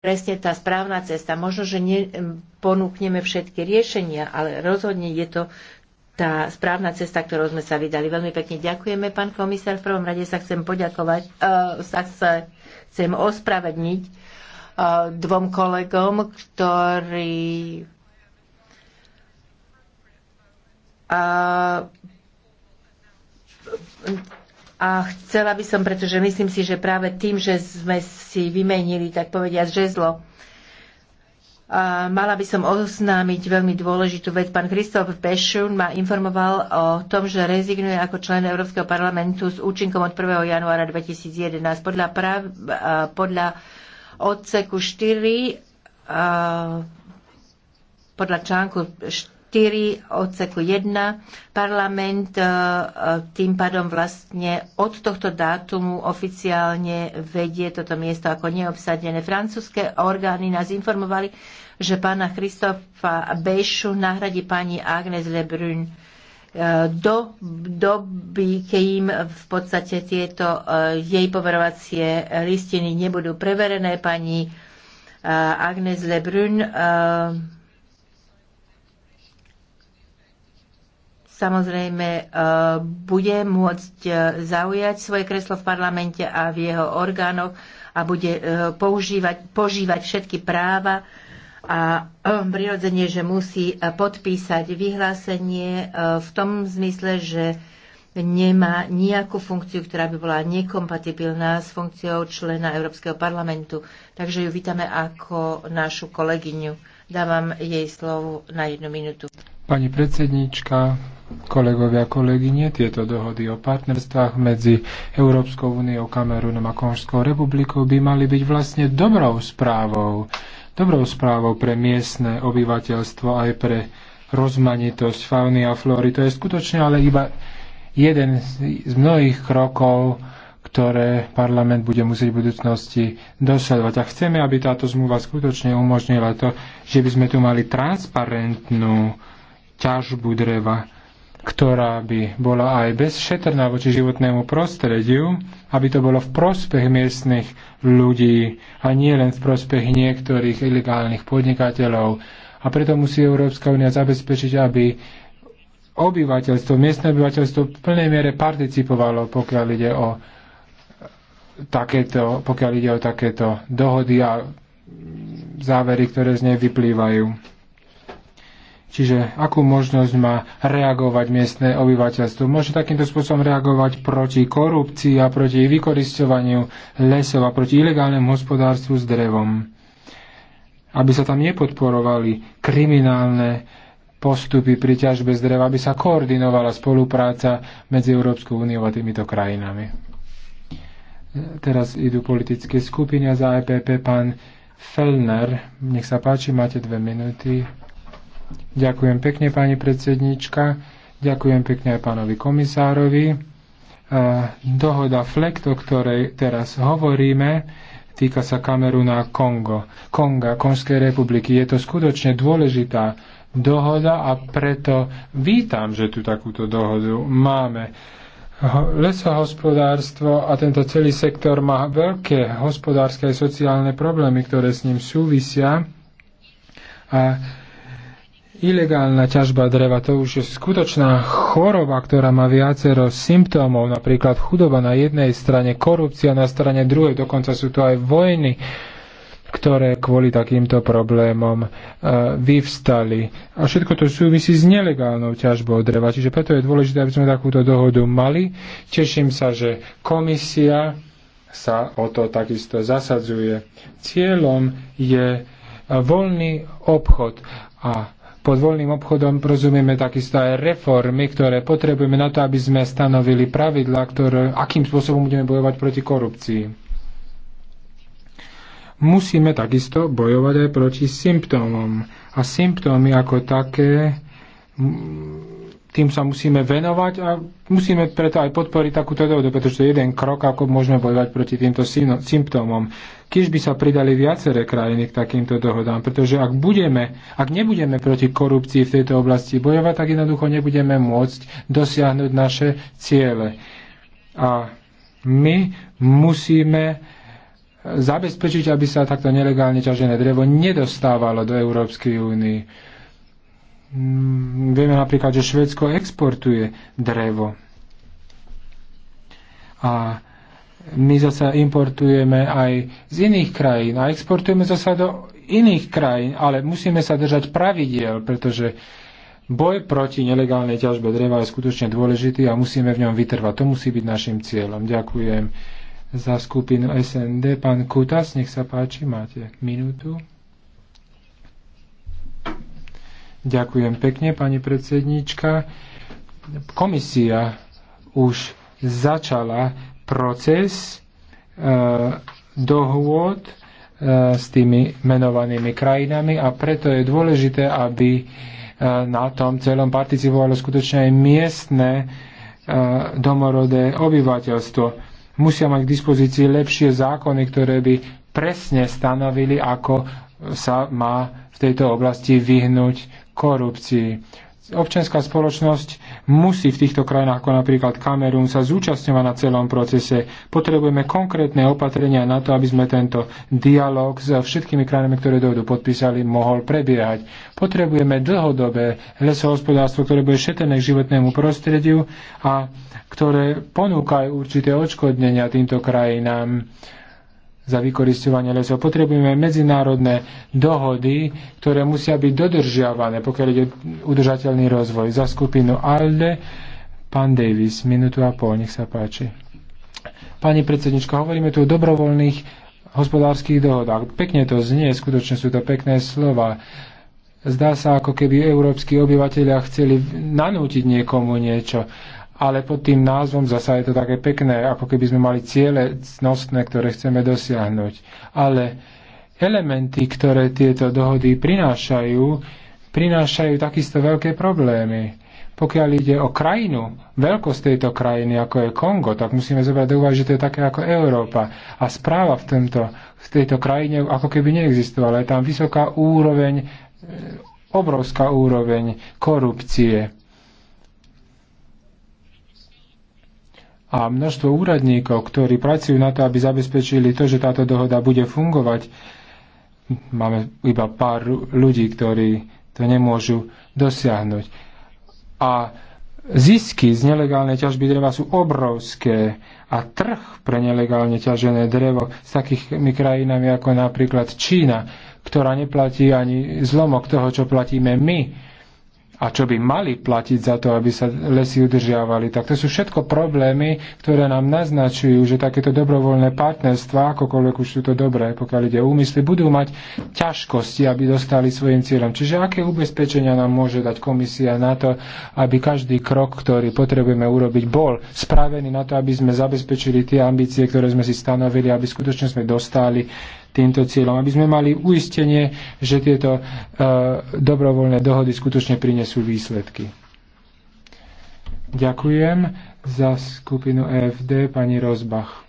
presne tá správna cesta. Možno, že neponúkneme všetky riešenia, ale rozhodne je to tá správna cesta, ktorou sme sa vydali. Veľmi pekne ďakujeme, pán komisár. V prvom rade sa chcem poďakovať, uh, sa chcem ospravedniť uh, dvom kolegom, ktorí uh, a chcela by som, pretože myslím si, že práve tým, že sme si vymenili, tak povediať, žezlo, a mala by som oznámiť veľmi dôležitú vec. Pán Kristof Pešun ma informoval o tom, že rezignuje ako člen Európskeho parlamentu s účinkom od 1. januára 2011. Podľa, prav, podľa odseku 4, podľa článku 4, 4 odseku 1 parlament e, e, tým pádom vlastne od tohto dátumu oficiálne vedie toto miesto ako neobsadené. Francúzske orgány nás informovali, že pána Christofa Bešu nahradí pani Agnes Lebrun e, do doby, kým v podstate tieto jej poverovacie listiny nebudú preverené, pani Agnes Lebrun samozrejme e, bude môcť e, zaujať svoje kreslo v parlamente a v jeho orgánoch a bude e, používať, požívať všetky práva a prirodzene, že musí podpísať vyhlásenie v tom zmysle, že nemá nejakú funkciu, ktorá by bola nekompatibilná s funkciou člena Európskeho parlamentu. Takže ju vítame ako našu kolegyňu. Dávam jej slovo na jednu minútu. Pani predsedníčka, kolegovia kolegyne, tieto dohody o partnerstvách medzi Európskou úniou, Kamerunom a Konžskou republikou by mali byť vlastne dobrou správou. Dobrou správou pre miestne obyvateľstvo aj pre rozmanitosť fauny a flóry. To je skutočne ale iba jeden z mnohých krokov, ktoré parlament bude musieť v budúcnosti dosledovať. A chceme, aby táto zmluva skutočne umožnila to, že by sme tu mali transparentnú ťažbu dreva, ktorá by bola aj bezšetrná voči životnému prostrediu, aby to bolo v prospech miestnych ľudí a nie len v prospech niektorých ilegálnych podnikateľov. A preto musí Európska únia zabezpečiť, aby obyvateľstvo, miestne obyvateľstvo v plnej miere participovalo, pokiaľ ide o takéto, pokiaľ ide o takéto dohody a závery, ktoré z nej vyplývajú. Čiže akú možnosť má reagovať miestne obyvateľstvo? Môže takýmto spôsobom reagovať proti korupcii a proti vykoristovaniu lesov a proti ilegálnemu hospodárstvu s drevom. Aby sa tam nepodporovali kriminálne postupy pri ťažbe z dreva, aby sa koordinovala spolupráca medzi Európskou úniou a týmito krajinami. Teraz idú politické skupiny za EPP pán Fellner. Nech sa páči, máte dve minúty. Ďakujem pekne, pani predsednička. Ďakujem pekne aj pánovi komisárovi. E, dohoda FLECT, o ktorej teraz hovoríme, týka sa Kameruna Kongo, Konga, Konžskej republiky. Je to skutočne dôležitá dohoda a preto vítam, že tu takúto dohodu máme. Lesohospodárstvo a tento celý sektor má veľké hospodárske a sociálne problémy, ktoré s ním súvisia. A ilegálna ťažba dreva, to už je skutočná choroba, ktorá má viacero symptómov, napríklad chudoba na jednej strane, korupcia na strane druhej, dokonca sú tu aj vojny, ktoré kvôli takýmto problémom uh, vyvstali. A všetko to súvisí s nelegálnou ťažbou dreva, čiže preto je dôležité, aby sme takúto dohodu mali. Teším sa, že komisia sa o to takisto zasadzuje. Cieľom je e, voľný obchod a pod voľným obchodom rozumieme takisto aj reformy, ktoré potrebujeme na to, aby sme stanovili pravidla, ktoré, akým spôsobom budeme bojovať proti korupcii. Musíme takisto bojovať aj proti symptómom. A symptómy ako také, tým sa musíme venovať a musíme preto aj podporiť takúto dohodu, pretože to je jeden krok, ako môžeme bojovať proti týmto symptómom. Kiež by sa pridali viaceré krajiny k takýmto dohodám, pretože ak, budeme, ak nebudeme proti korupcii v tejto oblasti bojovať, tak jednoducho nebudeme môcť dosiahnuť naše ciele. A my musíme zabezpečiť, aby sa takto nelegálne ťažené drevo nedostávalo do Európskej únie. Mm, vieme napríklad, že Švedsko exportuje drevo. A my zase importujeme aj z iných krajín a exportujeme zase do iných krajín, ale musíme sa držať pravidiel, pretože boj proti nelegálnej ťažbe dreva je skutočne dôležitý a musíme v ňom vytrvať. To musí byť našim cieľom. Ďakujem za skupinu SND. Pán Kutas, nech sa páči, máte minútu. Ďakujem pekne, pani predsednička. Komisia už začala proces e, dohôd e, s tými menovanými krajinami a preto je dôležité, aby e, na tom celom participovalo skutočne aj miestne domorodé obyvateľstvo. Musia mať k dispozícii lepšie zákony, ktoré by presne stanovili, ako sa má v tejto oblasti vyhnúť korupcii občianská spoločnosť musí v týchto krajinách, ako napríklad Kamerún, sa zúčastňovať na celom procese. Potrebujeme konkrétne opatrenia na to, aby sme tento dialog s všetkými krajinami, ktoré dojdu podpísali, mohol prebiehať. Potrebujeme dlhodobé lesohospodárstvo, ktoré bude šetrené k životnému prostrediu a ktoré ponúkajú určité odškodnenia týmto krajinám za vykoristovanie lesov. Potrebujeme medzinárodné dohody, ktoré musia byť dodržiavané, pokiaľ ide udržateľný rozvoj. Za skupinu ALDE, pán Davis, minútu a pol, nech sa páči. Pani predsednička, hovoríme tu o dobrovoľných hospodárskych dohodách. Pekne to znie, skutočne sú to pekné slova. Zdá sa, ako keby európsky obyvateľia chceli nanútiť niekomu niečo ale pod tým názvom zasa je to také pekné, ako keby sme mali ciele cnostné, ktoré chceme dosiahnuť. Ale elementy, ktoré tieto dohody prinášajú, prinášajú takisto veľké problémy. Pokiaľ ide o krajinu, veľkosť tejto krajiny, ako je Kongo, tak musíme zobrať do úvahy, že to je také ako Európa. A správa v, tomto, v tejto krajine ako keby neexistovala. Je tam vysoká úroveň, e, obrovská úroveň korupcie a množstvo úradníkov, ktorí pracujú na to, aby zabezpečili to, že táto dohoda bude fungovať. Máme iba pár ľudí, ktorí to nemôžu dosiahnuť. A zisky z nelegálnej ťažby dreva sú obrovské a trh pre nelegálne ťažené drevo s takými krajinami ako napríklad Čína, ktorá neplatí ani zlomok toho, čo platíme my, a čo by mali platiť za to, aby sa lesy udržiavali. Tak to sú všetko problémy, ktoré nám naznačujú, že takéto dobrovoľné partnerstva, akokoľvek už sú to dobré, pokiaľ ide o úmysly, budú mať ťažkosti, aby dostali svojim cieľom. Čiže aké ubezpečenia nám môže dať komisia na to, aby každý krok, ktorý potrebujeme urobiť, bol spravený na to, aby sme zabezpečili tie ambície, ktoré sme si stanovili, aby skutočne sme dostali týmto cieľom, aby sme mali uistenie, že tieto e, dobrovoľné dohody skutočne prinesú výsledky. Ďakujem za skupinu EFD pani Rozbach.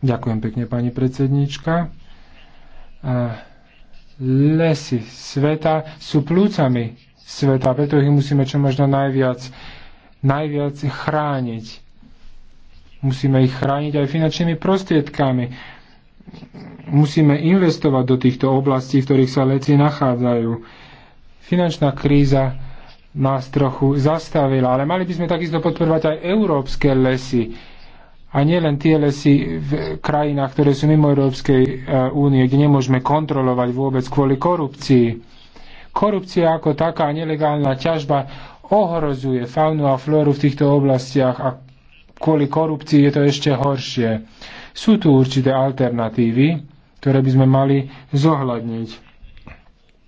Ďakujem pekne, pani predsednička. Lesy sveta sú plúcami sveta, preto ich musíme čo možno najviac, najviac chrániť. Musíme ich chrániť aj finančnými prostriedkami. Musíme investovať do týchto oblastí, v ktorých sa leci nachádzajú. Finančná kríza nás trochu zastavila, ale mali by sme takisto podporovať aj európske lesy a nielen tie lesy v krajinách, ktoré sú mimo Európskej e, únie, kde nemôžeme kontrolovať vôbec kvôli korupcii. Korupcia ako taká nelegálna ťažba ohrozuje faunu a flóru v týchto oblastiach a kvôli korupcii je to ešte horšie. Sú tu určité alternatívy, ktoré by sme mali zohľadniť.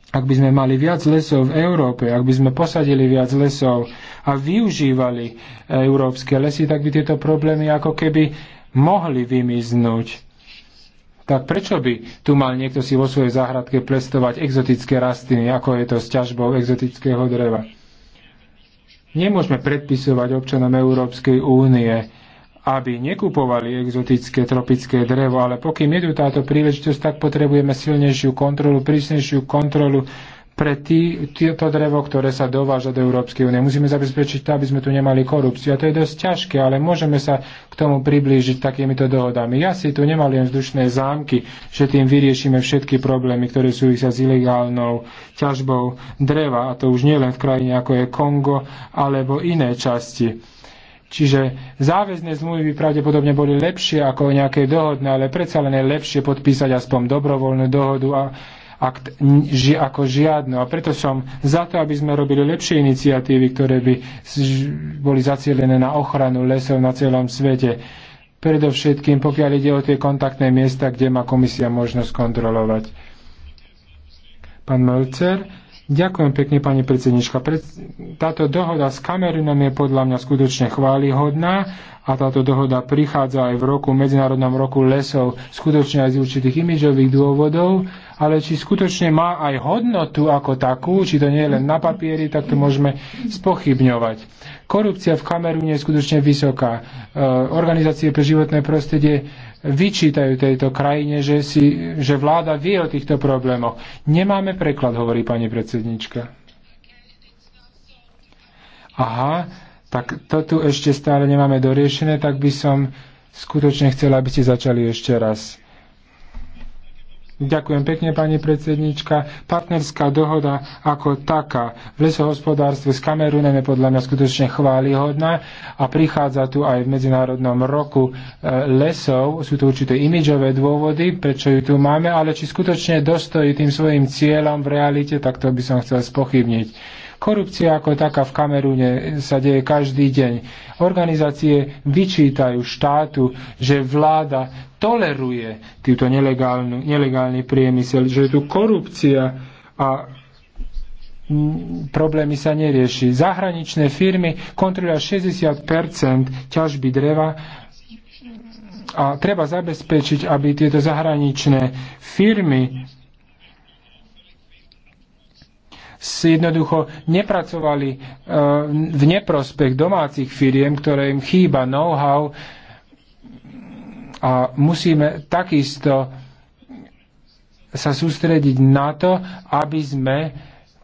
Ak by sme mali viac lesov v Európe, ak by sme posadili viac lesov a využívali e, európske lesy, tak by tieto problémy ako keby mohli vymiznúť. Tak prečo by tu mal niekto si vo svojej záhradke plestovať exotické rastliny, ako je to s ťažbou exotického dreva? Nemôžeme predpisovať občanom Európskej únie, aby nekupovali exotické tropické drevo, ale pokým je tu táto príležitosť, tak potrebujeme silnejšiu kontrolu, prísnejšiu kontrolu pre tý, to drevo, ktoré sa dováža do Európskej únie. Musíme zabezpečiť to, aby sme tu nemali korupciu. A to je dosť ťažké, ale môžeme sa k tomu priblížiť takýmito dohodami. Ja si tu nemal len vzdušné zámky, že tým vyriešime všetky problémy, ktoré súvisia s ilegálnou ťažbou dreva, a to už nielen v krajine ako je Kongo, alebo iné časti. Čiže záväzné zmluvy by pravdepodobne boli lepšie ako nejaké dohodné, ale predsa len je lepšie podpísať aspoň dobrovoľnú dohodu a ak ako žiadno. A preto som za to, aby sme robili lepšie iniciatívy, ktoré by boli zacielené na ochranu lesov na celom svete. Predovšetkým, pokiaľ ide o tie kontaktné miesta, kde má komisia možnosť kontrolovať. Pán Melcer, ďakujem pekne, pani predsednička. Táto dohoda s Kamerunom je podľa mňa skutočne chválihodná a táto dohoda prichádza aj v roku, v Medzinárodnom roku lesov, skutočne aj z určitých imidžových dôvodov ale či skutočne má aj hodnotu ako takú, či to nie je len na papieri, tak to môžeme spochybňovať. Korupcia v Kamerúne je skutočne vysoká. E, organizácie pre životné prostredie vyčítajú tejto krajine, že, si, že vláda vie o týchto problémoch. Nemáme preklad, hovorí pani predsednička. Aha, tak to tu ešte stále nemáme doriešené, tak by som skutočne chcela, aby ste začali ešte raz. Ďakujem pekne, pani predsednička. Partnerská dohoda ako taká v lesohospodárstve s Kamerunem je podľa mňa skutočne chválihodná a prichádza tu aj v Medzinárodnom roku e, lesov. Sú to určité imidžové dôvody, prečo ju tu máme, ale či skutočne dostojí tým svojim cieľom v realite, tak to by som chcel spochybniť Korupcia ako taká v Kamerúne sa deje každý deň. Organizácie vyčítajú štátu, že vláda toleruje túto nelegálny priemysel, že je tu korupcia a problémy sa nerieši. Zahraničné firmy kontrolujú 60 ťažby dreva a treba zabezpečiť, aby tieto zahraničné firmy jednoducho nepracovali eh, v neprospech domácich firiem, ktoré im chýba know-how a musíme takisto sa sústrediť na to, aby sme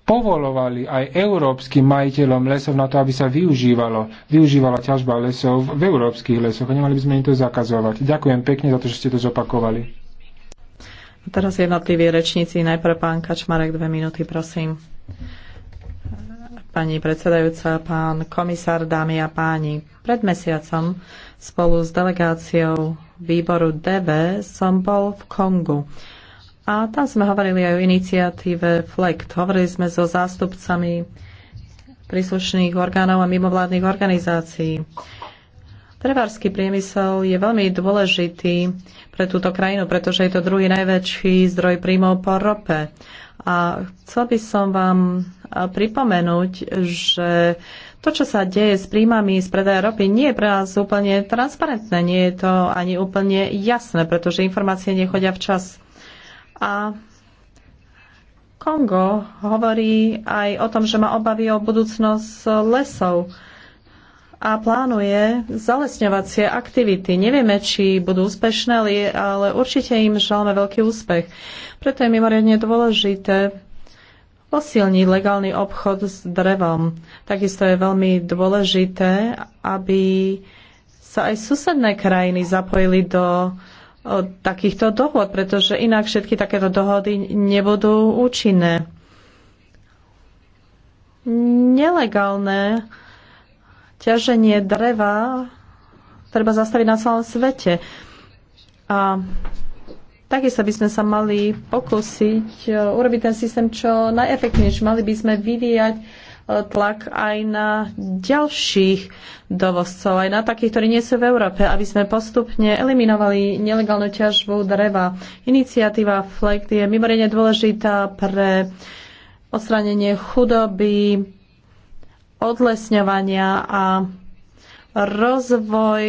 povolovali aj európskym majiteľom lesov na to, aby sa využívalo, využívala ťažba lesov v európskych lesoch a nemali by sme im to zakazovať. Ďakujem pekne za to, že ste to zopakovali teraz jednotliví rečníci. Najprv pán Kačmarek, dve minúty, prosím. Pani predsedajúca, pán komisár, dámy a páni. Pred mesiacom spolu s delegáciou výboru DV som bol v Kongu. A tam sme hovorili aj o iniciatíve FLECT. Hovorili sme so zástupcami príslušných orgánov a mimovládnych organizácií. Drevársky priemysel je veľmi dôležitý pre túto krajinu, pretože je to druhý najväčší zdroj príjmov po rope. A chcel by som vám pripomenúť, že to, čo sa deje s príjmami z predaja ropy, nie je pre nás úplne transparentné, nie je to ani úplne jasné, pretože informácie nechodia včas. A Kongo hovorí aj o tom, že má obavy o budúcnosť lesov a plánuje zalesňovacie aktivity. Nevieme, či budú úspešné, ale určite im želáme veľký úspech. Preto je mimoriadne dôležité posilniť legálny obchod s drevom. Takisto je veľmi dôležité, aby sa aj susedné krajiny zapojili do takýchto dohod, pretože inak všetky takéto dohody nebudú účinné. Nelegálne ťaženie dreva treba zastaviť na celom svete. A takisto by sme sa mali pokúsiť e, urobiť ten systém čo najefektívnejšie, Mali by sme vyvíjať e, tlak aj na ďalších dovozcov, aj na takých, ktorí nie sú v Európe, aby sme postupne eliminovali nelegálnu ťažbu dreva. Iniciatíva FLECT je mimoriadne dôležitá pre odstránenie chudoby, odlesňovania a rozvoj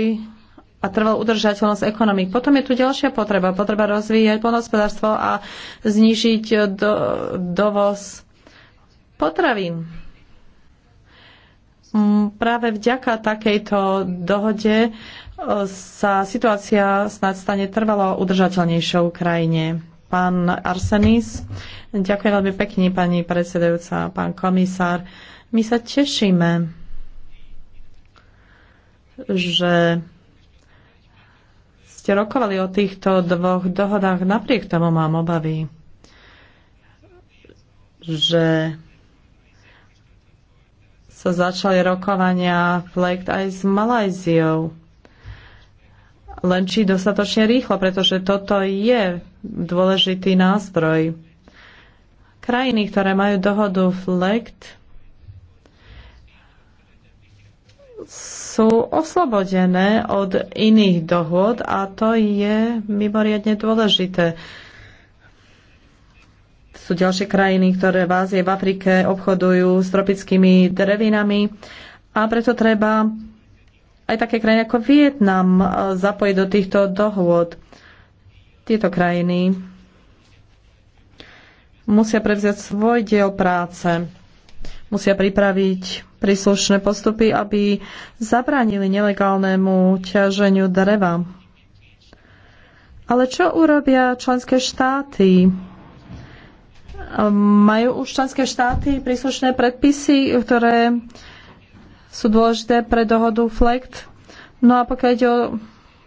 a trvalú udržateľnosť ekonomik. Potom je tu ďalšia potreba. Potreba rozvíjať poľnohospodárstvo a znižiť do, dovoz potravín. Mm, práve vďaka takejto dohode e, sa situácia snad stane trvalo udržateľnejšou krajine. Pán Arsenis, ďakujem veľmi pekne, pani predsedajúca, pán komisár. My sa tešíme, že ste rokovali o týchto dvoch dohodách. Napriek tomu mám obavy, že sa začali rokovania FLECT aj s Malajziou. Len či dostatočne rýchlo, pretože toto je dôležitý nástroj. Krajiny, ktoré majú dohodu FLECT, sú oslobodené od iných dohôd a to je mimoriadne dôležité. Sú ďalšie krajiny, ktoré v Ázie, v Afrike obchodujú s tropickými drevinami a preto treba aj také krajiny ako Vietnam e, zapojiť do týchto dohôd. Tieto krajiny musia prevziať svoj diel práce musia pripraviť príslušné postupy, aby zabránili nelegálnemu ťaženiu dreva. Ale čo urobia členské štáty? Majú už členské štáty príslušné predpisy, ktoré sú dôležité pre dohodu FLECT? No a pokiaľ ide o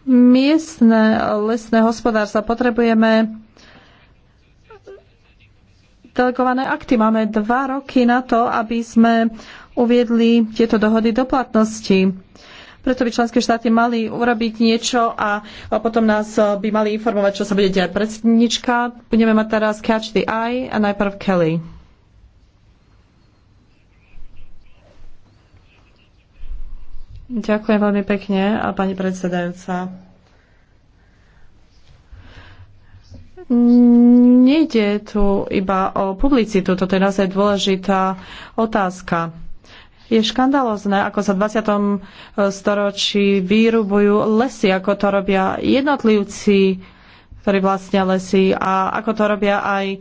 miestne lesné hospodárstva, potrebujeme delegované akty. Máme dva roky na to, aby sme uviedli tieto dohody do platnosti. Preto by členské štáty mali urobiť niečo a potom nás eh, by mali informovať, čo sa bude diať predsednička. Budeme mať teraz Catch the Eye a najprv Kelly. Ďakujem veľmi pekne, a pani predsedajúca. Nejde tu iba o publicitu, toto je naozaj dôležitá otázka. Je škandalozné, ako sa v 20. storočí vyrubujú lesy, ako to robia jednotlivci, ktorí vlastnia lesy a ako to robia aj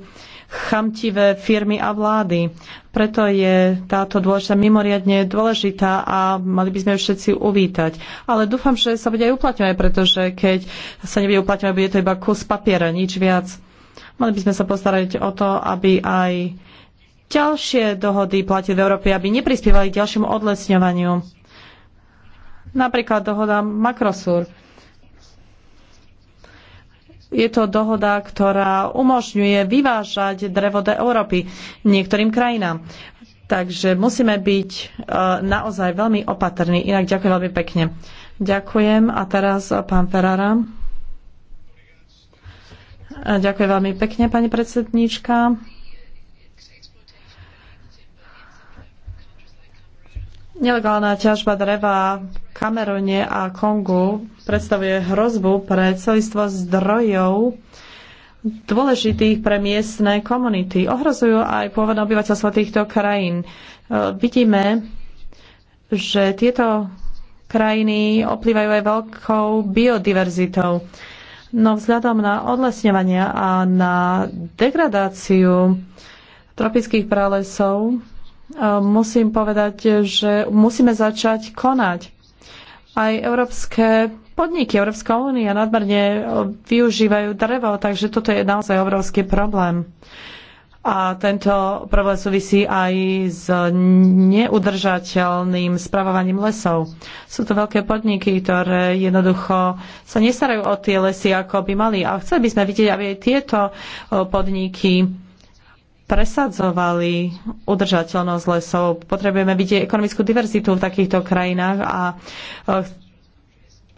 chamtivé firmy a vlády. Preto je táto dôležitá mimoriadne dôležitá a mali by sme ju všetci uvítať. Ale dúfam, že sa bude aj uplatňovať, pretože keď sa nebude uplatňovať, bude to iba kus papiera, nič viac. Mali by sme sa postarať o to, aby aj ďalšie dohody platiť v Európe, aby neprispievali ďalšiemu odlesňovaniu. Napríklad dohoda Makrosur je to dohoda, ktorá umožňuje vyvážať drevo do Európy niektorým krajinám. Takže musíme byť e, naozaj veľmi opatrní. Inak ďakujem veľmi pekne. Ďakujem. A teraz e, pán Ferrara. E, ďakujem veľmi pekne, pani predsedníčka. Nelegálna ťažba dreva v Kamerune a Kongu predstavuje hrozbu pre celistvo zdrojov dôležitých pre miestne komunity. Ohrozujú aj pôvodné obyvateľstvo týchto krajín. E, vidíme, že tieto krajiny oplývajú aj veľkou biodiverzitou. No vzhľadom na odlesňovanie a na degradáciu tropických pralesov Eh, musím povedať, že musíme začať konať. Aj európske podniky, Európska únia nadmerne eh, využívajú drevo, takže toto je naozaj obrovský problém. A tento problém súvisí aj s neudržateľným spravovaním lesov. Sú to veľké podniky, ktoré jednoducho sa nestarajú o tie lesy, ako by mali. A chceli by sme vidieť, aby aj tieto eh, podniky presadzovali udržateľnosť lesov. Potrebujeme vidieť ekonomickú diverzitu v takýchto krajinách a e,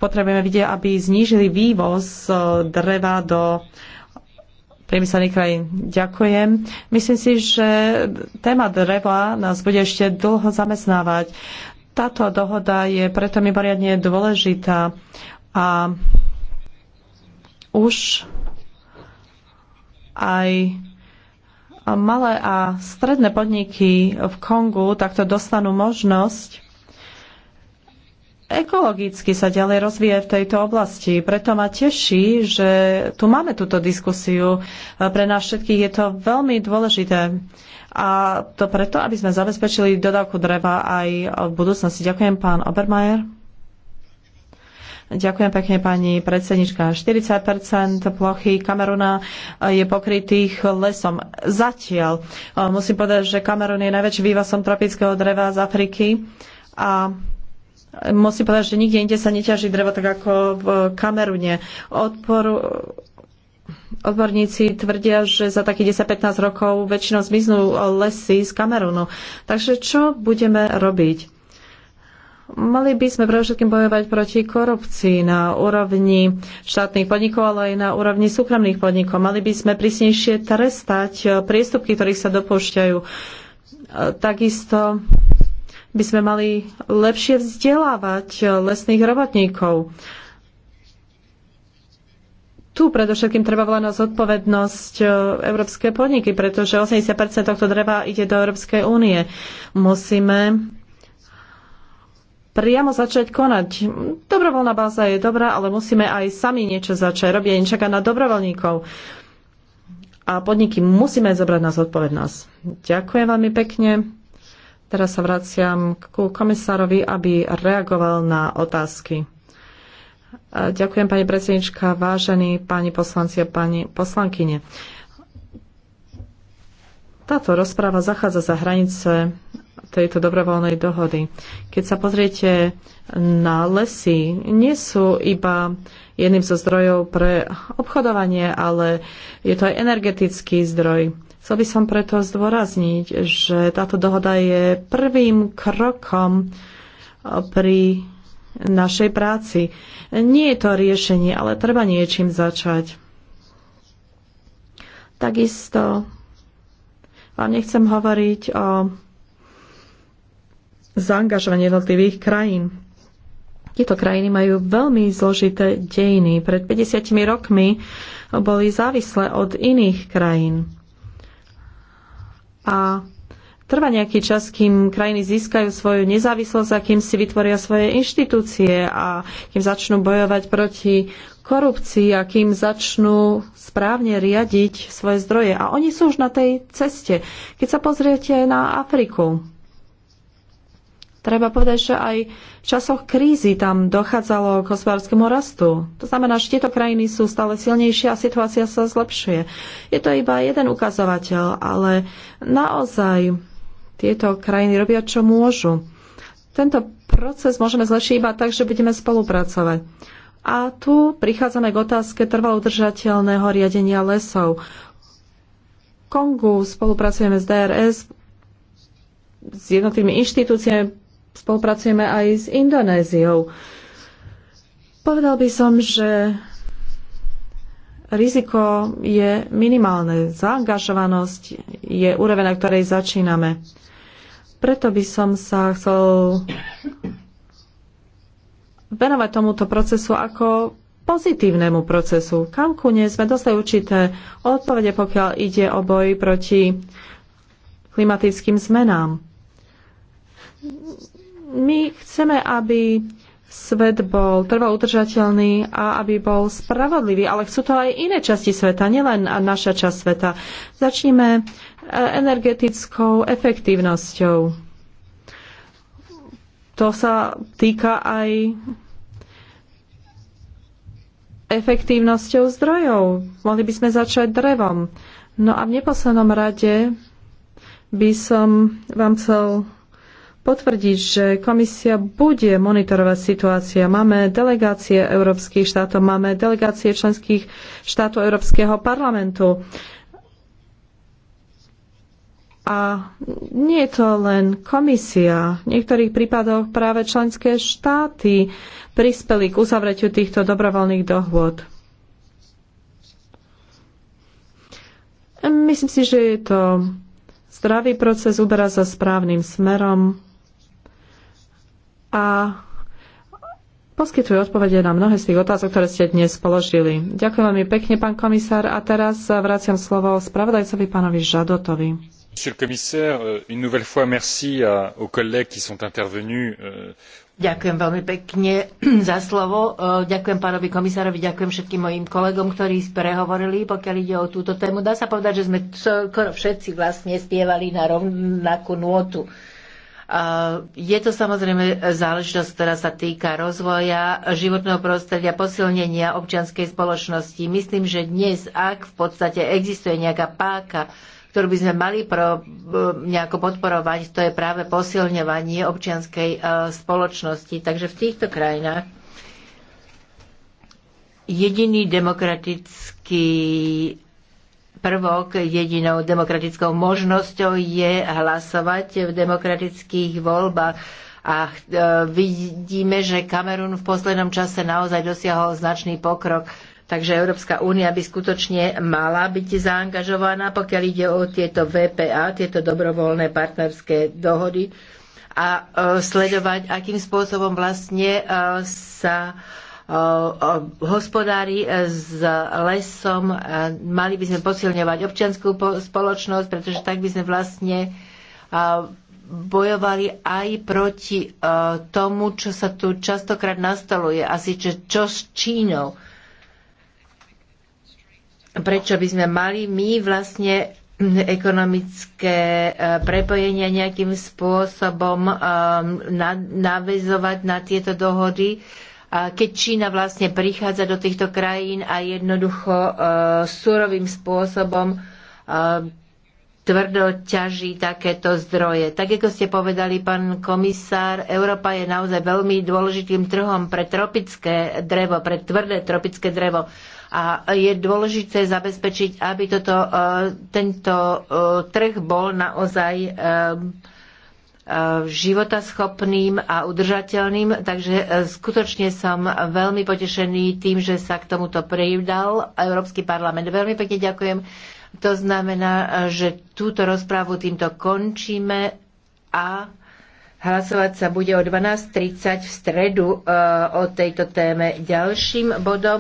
potrebujeme vidieť, aby znížili vývoz e, dreva do priemyselných krajín. Ďakujem. Myslím si, že téma dreva nás bude ešte dlho zamestnávať. Táto dohoda je preto mimoriadne dôležitá a už aj malé a stredné podniky v Kongu takto dostanú možnosť ekologicky sa ďalej rozvíjať v tejto oblasti. Preto ma teší, že tu máme túto diskusiu. Pre nás všetkých je to veľmi dôležité. A to preto, aby sme zabezpečili dodávku dreva aj v budúcnosti. Ďakujem, pán Obermajer. Ďakujem pekne pani predsednička. 40 plochy Kameruna eh, je pokrytých lesom. Zatiaľ eh, musím povedať, že Kamerun je najväčší vývasom tropického dreva z Afriky a musím povedať, že nikde inde sa neťaží drevo tak ako v Kamerune. Odporu, odborníci tvrdia, že za takých 10-15 rokov väčšinou zmiznú lesy z Kamerunu. Takže čo budeme robiť? Mali by sme predovšetkým bojovať proti korupcii na úrovni štátnych podnikov, ale aj na úrovni súkromných podnikov. Mali by sme prísnejšie trestať eh, priestupky, ktorých sa dopúšťajú. Eh, takisto by sme mali lepšie vzdelávať eh, lesných robotníkov. Tu predovšetkým treba volať na zodpovednosť európske podniky, pretože 80 tohto dreva ide do Európskej únie. Musíme priamo začať konať. Dobrovoľná báza je dobrá, ale musíme aj sami niečo začať robiť a na dobrovoľníkov. A podniky musíme zobrať na zodpovednosť. Ďakujem veľmi pekne. Teraz sa vraciam ku komisárovi, aby reagoval na otázky. Ďakujem, pani predsednička, vážení páni poslanci a pani poslankyne. Táto rozpráva zachádza za hranice tejto dobrovoľnej dohody. Keď sa pozriete na lesy, nie sú iba jedným zo zdrojov pre obchodovanie, ale je to aj energetický zdroj. Chcel by som preto zdôrazniť, že táto dohoda je prvým krokom pri našej práci. Nie je to riešenie, ale treba niečím začať. Takisto a nechcem hovoriť o zaangažovaní jednotlivých krajín. Tieto krajiny majú veľmi zložité dejiny. Pred 50 rokmi boli závislé od iných krajín. A trvá nejaký čas, kým krajiny získajú svoju nezávislosť a kým si vytvoria svoje inštitúcie a kým začnú bojovať proti korupcii a kým začnú správne riadiť svoje zdroje. A oni sú už na tej ceste. Keď sa pozriete na Afriku, treba povedať, že aj v časoch krízy tam dochádzalo k hospodárskému rastu. To znamená, že tieto krajiny sú stále silnejšie a situácia sa zlepšuje. Je to iba jeden ukazovateľ, ale naozaj tieto krajiny robia, čo môžu. Tento proces môžeme zlepšiť iba tak, že budeme spolupracovať. A tu prichádzame k otázke trvalo riadenia lesov. V Kongu spolupracujeme s DRS, s jednotými inštitúciami, spolupracujeme aj s Indonéziou. Povedal by som, že riziko je minimálne. Zaangažovanosť je úroveň, na ktorej začíname. Preto by som sa chcel venovať tomuto procesu ako pozitívnemu procesu. V sme dostali určité odpovede, pokiaľ ide o boj proti klimatickým zmenám. My chceme, aby svet bol trvalo udržateľný a aby bol spravodlivý. Ale chcú to aj iné časti sveta, nielen naša časť sveta. Začnime eh, energetickou efektívnosťou. To sa týka aj efektívnosťou zdrojov. Mohli by sme začať drevom. No a v neposlednom rade by som vám chcel potvrdiť, že komisia bude monitorovať situácia. Máme delegácie európskych štátov, máme delegácie členských štátov Európskeho parlamentu. A nie je to len komisia. V niektorých prípadoch práve členské štáty prispeli k uzavretiu týchto dobrovoľných dohôd. Myslím si, že je to zdravý proces, uberá sa správnym smerom a poskytuje odpovede na mnohé z tých otázok, ktoré ste dnes položili. Ďakujem veľmi pekne, pán komisár. A teraz vraciam slovo spravodajcovi pánovi Žadotovi. Monsieur le commissaire, euh, une nouvelle fois merci à, aux collègues qui sont intervenus. Euh. Ďakujem veľmi pekne za slovo. Ďakujem pánovi komisárovi, ďakujem všetkým mojim kolegom, ktorí prehovorili, pokiaľ ide o túto tému. Dá sa povedať, že sme skoro všetci vlastne spievali na rovnakú nôtu. Eh, je to samozrejme záležitosť, ktorá sa týka rozvoja životného prostredia, posilnenia občianskej spoločnosti. Myslím, že dnes, ak v podstate existuje nejaká páka, ktorú by sme mali pro, eh, nejako podporovať, to je práve posilňovanie občianskej eh, spoločnosti. Takže v týchto krajinách jediný demokratický prvok, jedinou demokratickou možnosťou je hlasovať v demokratických voľbách. A e, vidíme, že Kamerun v poslednom čase naozaj dosiahol značný pokrok. Takže Európska únia by skutočne mala byť zaangažovaná, pokiaľ ide o tieto VPA, tieto dobrovoľné partnerské dohody a e, sledovať, akým spôsobom vlastne e, sa hospodári s lesom, mali by sme posilňovať občianskú spoločnosť, pretože tak by sme vlastne bojovali aj proti tomu, čo sa tu častokrát nastoluje, asi čo s Čínou. Prečo by sme mali my vlastne ekonomické prepojenia nejakým spôsobom navezovať na tieto dohody, keď Čína vlastne prichádza do týchto krajín a jednoducho e, surovým spôsobom e, tvrdo ťaží takéto zdroje. Tak ako ste povedali, pán komisár, Európa je naozaj veľmi dôležitým trhom pre tropické drevo, pre tvrdé tropické drevo. A je dôležité zabezpečiť, aby toto, e, tento e, trh bol naozaj životaschopným a udržateľným. Takže e, skutočne som veľmi potešený tým, že sa k tomuto prejúdal Európsky parlament. Veľmi pekne ďakujem. To znamená, e, že túto rozprávu týmto končíme a Hlasovať sa bude o 12.30 v stredu e, o tejto téme. Ďalším bodom